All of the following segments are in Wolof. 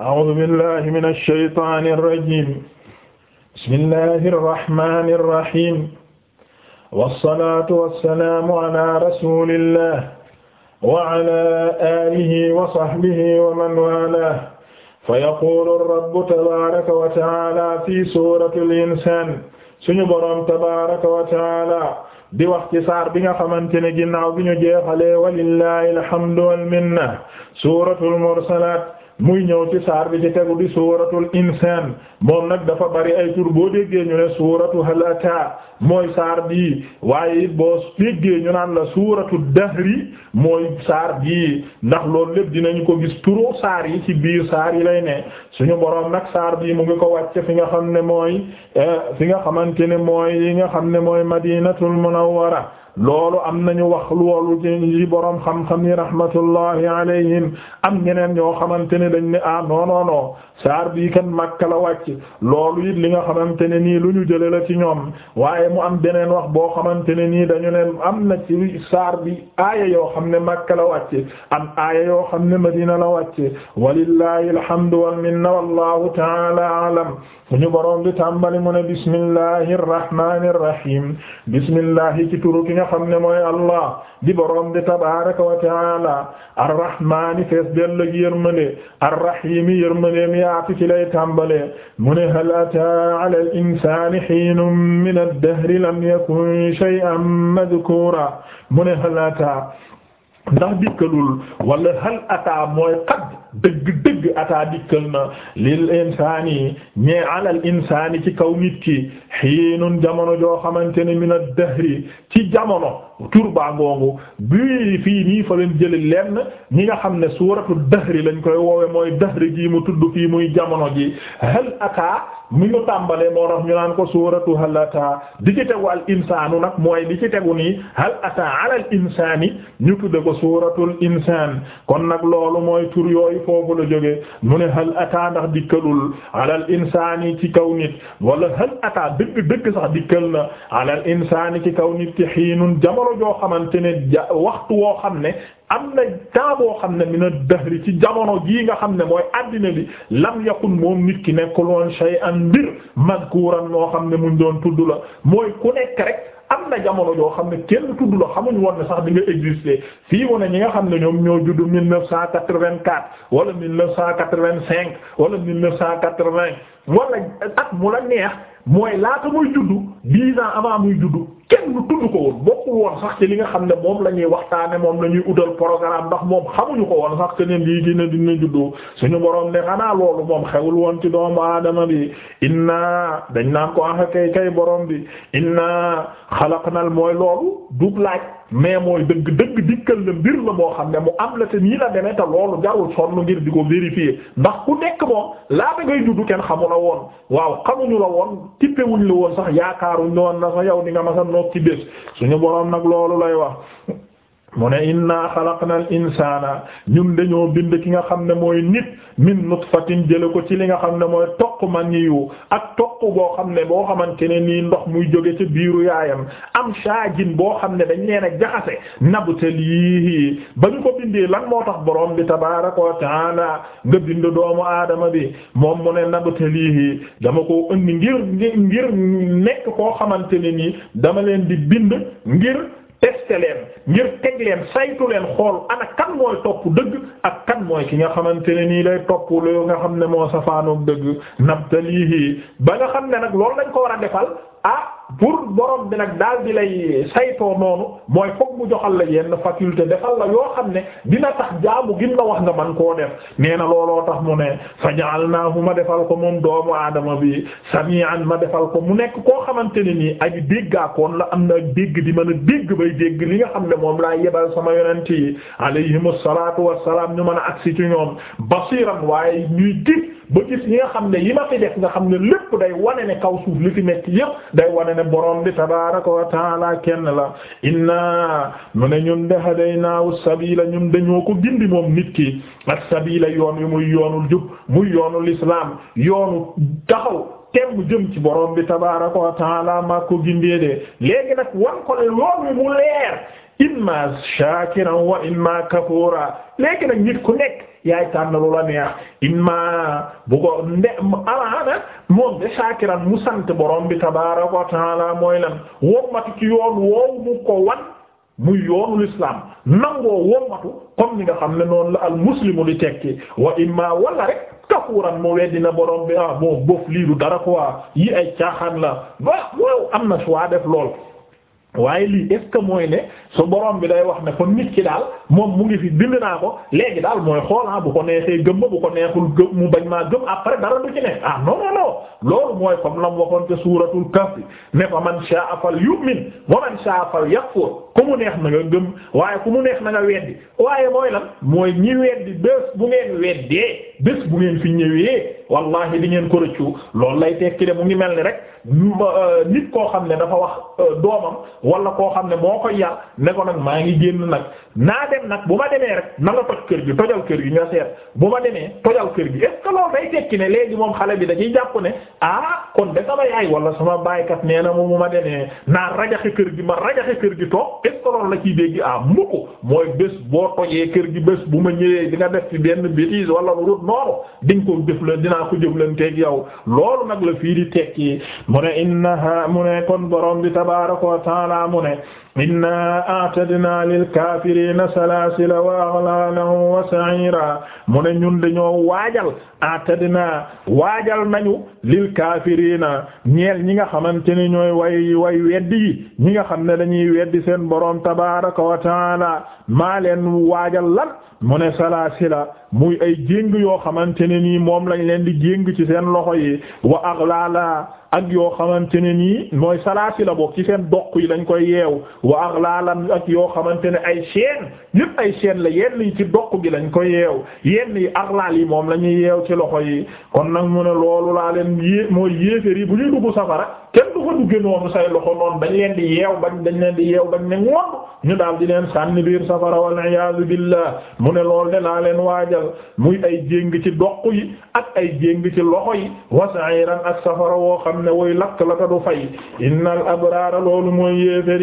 أعوذ بالله من الشيطان الرجيم بسم الله الرحمن الرحيم والصلاة والسلام على رسول الله وعلى آله وصحبه ومن والاه فيقول الرب تبارك وتعالى في سورة الإنسان suñu boroom tabaraka wa taala di wax ci saar bi nga xamante ne ginnaaw bi ñu jeexalee walillahi alhamdu wal minna suuratul mursalaat muy ñëw ci saar bi ci tegu di suuratul insaan moom nag dafa bari ay tur boo déggee ñu ne suuratu halata mooy saar bi waaye boo déggee ñu naan la suuratul dahri mooy saar bii ndax loolu lépp dinañu ko gis turu saar yi ci biir saar yi lay ne suñu boroom nag saar bii mu ngi ko wàcce fi nga xam ne mooy eh, fi nga xamante ne mooy yi nga xam ne mooy madinatul munawwara loolu am nañu wax loolu ci borom xam-xam yi rahmatullahi alayhim am ñeneen yoo xamante ne dañ ne ah non non non saar bii kan Makka la wàcc loolu it li nga xamante ne nii lu ñu jëlee la ci ñoom waaye mu am beneen wax boo xamante ne nii dañu ne am na ci saar bi aaya yoo xam ne Makka la wàcc am aaya yoo xam ne Madina la wàcc walillahi alhamdu wal minna wallahu ta'ala a'lam suñu boroom di tàmbali mu ne bismillahir rahmanir rahim bismillahi ci turu ki nga xam ne mooy allah di boroom di tabaraka wa taala arrahmaani fees dell ak yërmande arrahimi yërmande mi yaatu ci lay tàmbale mu ne hal ataa ala al insani hiinun min ad-dahri lam yakun shay'an madkura mu ne hal ataa ndax dikkalul wala hal ataa mooy qad dëgg-dëgg ataa dikkal na lil insaani ñee alal insaani ci kaw nit ki xiinun jamono joo xamante ne min ad-dahri ci jamono turba googu bii fii nii fa leen jëli lenn ñi nga xam ne suuratu dahri lañ koy woowe mooy dahri jii mu tudd fii muy jamono ji hal ataa mi ñu tàmbalee moo tax ñu naan ko suuratu hal ataa di ci tegu al insaanu nag mooy di ci tegu nii hal ataa alal insaani ñu tudde ko suuratul insaan kon nag loolu mooy tur yooyu foofu la jógee mu ne hal ata ndax dikkalul alal insaani ci kaw nit wala hal ata dëgg dëgg sax dikkal na alal insaani ci kaw nit ci xiinun jamono joo xamante ne ja waxtu woo xam ne am na taa boo xam ne mina dahri ci jamono jii nga xam ne mooy addina bi lam yakun moom nit ki nekkuloon shay'an mbir madkuran moo xam ne muñ doon tudd la mooy ku nekk am na jamono joo xam ne kenn tudd la xamuñ woon ne sax di nga exister fii mu ne ñi nga xam ne ñoom ñoo juddu mille neuf cent quatre-vingt-quatre wala mille neuf cent quatre-vingt-cinq wala mille neuf cent quatre-vingt wala at mu la neex mooy laata muy juddu dix ans avant muy juddu kenn du tudd ko woon bokkul woon sax ci li nga xam ne moom la ñuy waxtaane moom la ñuy utal programme ndax moom xamuñu ko woon sax keneen lii dina dina juddu suñu boroom ne xanaa loolu moom xewul woon ci doomu aadama bi inna dañ naan ko ah kay kay boroom bi inna xalaqnal mooy loolu duub laaj mais mooy dëgg dëgg dikkal na mbir la moo xam ne mu am la te nii la deme te loolu jarul sonn ngir di ko fii ndax ku nekk moom laata ngay juddu kenn xamu la woon waaw xamuñu la woon tippewuñ la woon sax yaakaaruñ la woon na sax yow ni nga ma sa noog ci bés suñu boroom nag loolu lay wax mu ne inna xalaqna al insana ñun dañoo bind ki nga xam ne mooy nit min nutfatin jële ko ci li nga xam ne mooy toq ma yu ak toq boo xam ne boo xamante ne nii ndox muy jóge ci biiru yaayam am shaajin boo xam ne dañ leen a jaxase nabtalihi ba ñu ko bindee lan moo tax borom bi tabaaraka wa taala nga bind doomu aadama bi moom mu ne nabtalihi dama ko indi ngir ngir nekk koo xamante ne nii dama leen di bind ngir teste leen ngir teg leen saytu leen xool ana kan mooy topp dëgg ak kan mooy ki nga xamante ne nii lay topp loo nga xam ne moo safaanoog dëgg nabtalihi ba nga xam ne nag loolu dañ ko war a defal ah pour borom bi nag daal di lay saytoo noonu mooy foog mu joxal la yenn faculté defal la yoo xam ne dina tax jaamu gin la wax nga man koo def nee na looloo tax mu ne fa mu ma defal ko moom doomu aadama bi sami'an ma defal ko mu nekk koo xamante ni nii ak déggaakoon la am na dégg di mën a dégg bay dégg li nga xam ne moom laa yebal sama yonent yi alayhimu salaatu wassalaam ñu mën a agsi ci ñoom basiran waaye ñuy dégg ba gis ñi nga xam ne yi ma fi def nga xam ne lépp day wane ne kaw suuf li fi nekk yépp day wane ne borom bi tabaaraka wa kenn la inna mu ne ñun de hadaynaahu sabila ñun dañoo ko gindi moom nit ki ak sabila yoon wi muy yoonul jub muy yoonul islam yoonu taxaw tem jëm ci borom bi tabaaraka wa taala maa ko gindee de léegi nag wan ko ne yoon mu leer imma shakiran wa imma kafura léegi nag nit ku nekk yaay tànn neex imma bu nde alaana moom de shakiran mu sant borom bi tabaaraka wa taala mooy lan wommatu ci yoon woowu ko wan muy yoonu l'islam nangoo wommatu comme ni nga xam ne noonu la al muslimu di tekki wa imma wala rek kafuuran mu weddina borom bi ah bon bof lii du dara yi ay caaxaan la ba waaw am na choix def lool. waaye lii est mooy ne su borom bi day wax ne kon nit ki daal moom mu ngi fi bind naa ko léegi daal mooy xoolaa ah bu ko neexee gëm bu ko neexul gë mu bañ maa gëm après dara du ci ne ah non loolu mooy comme la mu waxoon te suuratul kahf ne fa man sha'a falyu'min wa man sha'a falyakfur ku mu neex na nga gëm waaye ku mu neex na nga weddi waaye mooy lan mooy ñi weddi bés bu ngeen weddee bés bu ngeen fi ñëwee wallahi di ngeen ko rëccu loolu lay tekki de mu ngi mel ni rek euh, nit koo xam ne dafa wax euh, doomam wala koo xam ne moo ko yar ne ko nag maa ngi génn nag naa dem nag bu ma demee rek na nga toj kër gi tojal kër gi nga seet bu ma demee tojal kër gi est ce que tekki ne léegi moom xale bi da jàpp ne ah kon de sama yaay wala sama baaykat nee na mu ma demee naa rajaxe kër gi ma rajaxe kër gi toog est ce la ciy dégg ah mukk mooy bés boo tojee kër gi bés bu ma ñëwee di nga def ci benn bêtise wala noonu di nga ko jëflan dinaa ko jëflanteeg yow loolu nag la fii di tekki mu ne innaha mu ne kon borom bi tabaaraka wa taala mu ne inna a'tadna lil kaafiriina salaasila wa aghlaalan wa sa'iira mu ne ñun dañoo waajal a'tadna waajal nañu lil kaafiriina ñeel ñi nga xamante ni ñooy way way weddi yi ñi nga xam ne dañuy weddi seen boroom tabaaraka wa ta'aala maa leen waajal lan mu ne salaasila muy ay jéng yoo xamante ni nii moom lañ leen di jéng ci seen loxo yi wa aghlaala ak yoo xamante ne nii mooy salaati la bokk ci seen doq yi lañ koy yeew wa aghlalan ak yoo xamante ne ay chaîne yëpp ay chaîne la yenn yi ci doq gi lañ koy yeew yenn yi aghlal yi moom la ñuy yeew ci loxo yi kon nag mu ne loolu laa leen yé mooy yéeféer yi bu ñuy dugg safara kenn fa dugge noonu say loxo noonu dañ leen di yeew bañ dañ leen di yeew bañ ne ngoon ñu daal di leen sànni biir safara wal iyaazu billah mu ne lool de naa leen waajal muy ay jéng ci doq yi ak ay jéng ci loxo yi wa sa'iran ak safara woo xam ne woy lakk la ka du fay innal abraara loolu mooy yéefér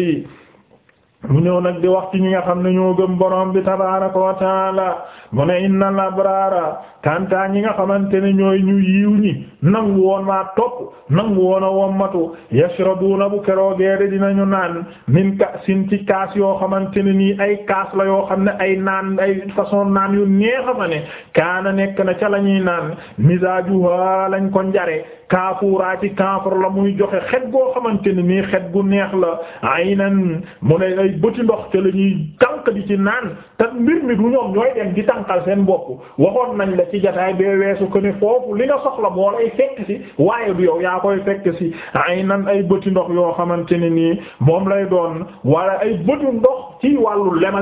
mu ñëw nag di wax ci ñi nga xam ne ñoo gëm borom bi tabaaraka wa taala mu ne innal abraara kantaa ñi nga xamante ne ñooy ñu yiw ñi nangu woon maa topp nangu woon a wommatu yashrabuuna bu keroogee de dinañu naan min kaasin ci kaas yoo xamante ne nii ay kaas la yoo xam ne ay naan ay façon naan yu neexa ma ne kaana nekk na ca la ñuy naan misaajuha lañ ko njare kaafuuraa ci kaafur la muy joxe xet goo xamante ni nii xet gu neex la aynan mu ne bëti ndox ca la ñuy tànk di ci naan te mbir mi du ñoom ñooy dem di tànkal seen bopp waxoon nañ la ci jotaay bee weesu ko ne foofu li nga soxla moo lay fekk si waaye du yow yaa koy fekk si ay nan ay bëti ndox yoo xamante ne nii moom lay doon wala ay bëti ndox ci wàllu lem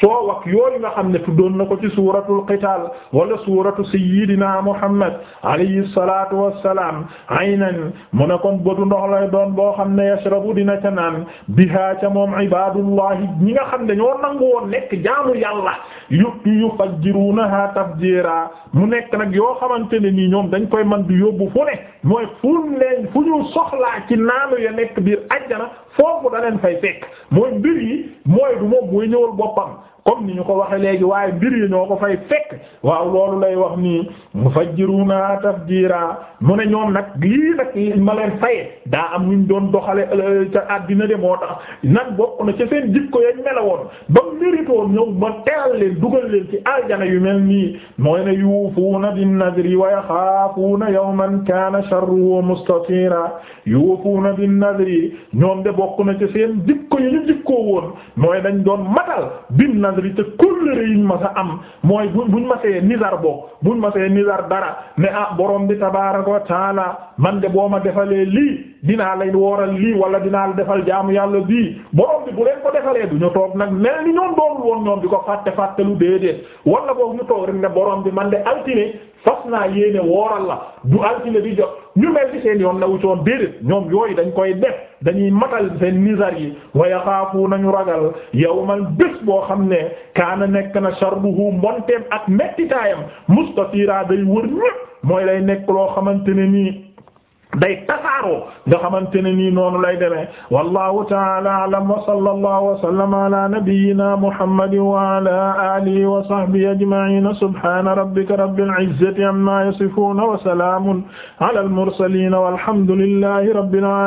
soo soow ak yooyu nga xam ne doon na ko ci suuratul qital wala suuratu sayyidina Muhammad alayhi salaatu wassalaam ay nan mu ne kon bëtu ndox lay doon boo xam ne yashrabu dina ca naan biha ca moom ibaadullah wallahi ñi nga xam ne ñoo nangu woon nekk jaamu yàlla yu yufajjirunaha tafjira mu nekk nag yoo xamante ne nii ñoom dañ koy man di yóbbu fu ne mooy fu ñu soxlaa ci naanu ya nekk biir ajjana foofu da leen fay fekk mooy mbir yi mooy du moom mooy ñëwal boppam comme ni ñu ko waxe léegi waaye mbir yi ñoo ko fay fekk waaw loolu lay wax nii mufajjiruna tafjira mu ne ñoom nag lii nag ma leen faye daa am ñu doon doxale euh, ca àddina de moo tax nag bokk na ca seen jikko ba méritoon ñëw ma teral leen dugal yu mel nii mooy ne yuufuuna bin nadri wa yaxaafuuna yawman kaana sharruhu na ca seen jikko yi ñu jikkoo woon mooy dañ doon matal bin nasri te kóllëre yiñ ma sa am mooy bu buñ ma see nizar bokk buñ ma see nizar dara ne ah borom bi tabaaraka wa taala man de boo ma defalee lii dinaa lay wooral lii wala dinaa la defal jaamu yàlla bii borom bi bu leen ko defalee du ñu toog nag mel ni ñoom doonul woon ñoom di ko fàtte fàtte lu déedéet wala boog ñu toog rek ne borom bi man de altine fas naa yéene wooral la du altine di jot. ñu mel ni seen yoon nawu coon déedéet ñoom yooyu dañu koy def dañuy matal seen nizar yi wa yaxaafu nañu ragal yawmal bés boo xam ne kaana nekk na sharruhu mbonteem ak mettitaayam mustatira day wër ñëpp mooy lay nekk loo xamante ne nii day tasaaroo nga xamante ne nii noonu lay demee wallahu ta'ala a'lam wa sallallahu wa sallama ala nabiyyina muhammadin wa ala alihi wa sahbihi ajma'in subhana rabbika rabbil izzati amma yasifun wa salamun ala al mursalin walhamdulillahi rabbil alamin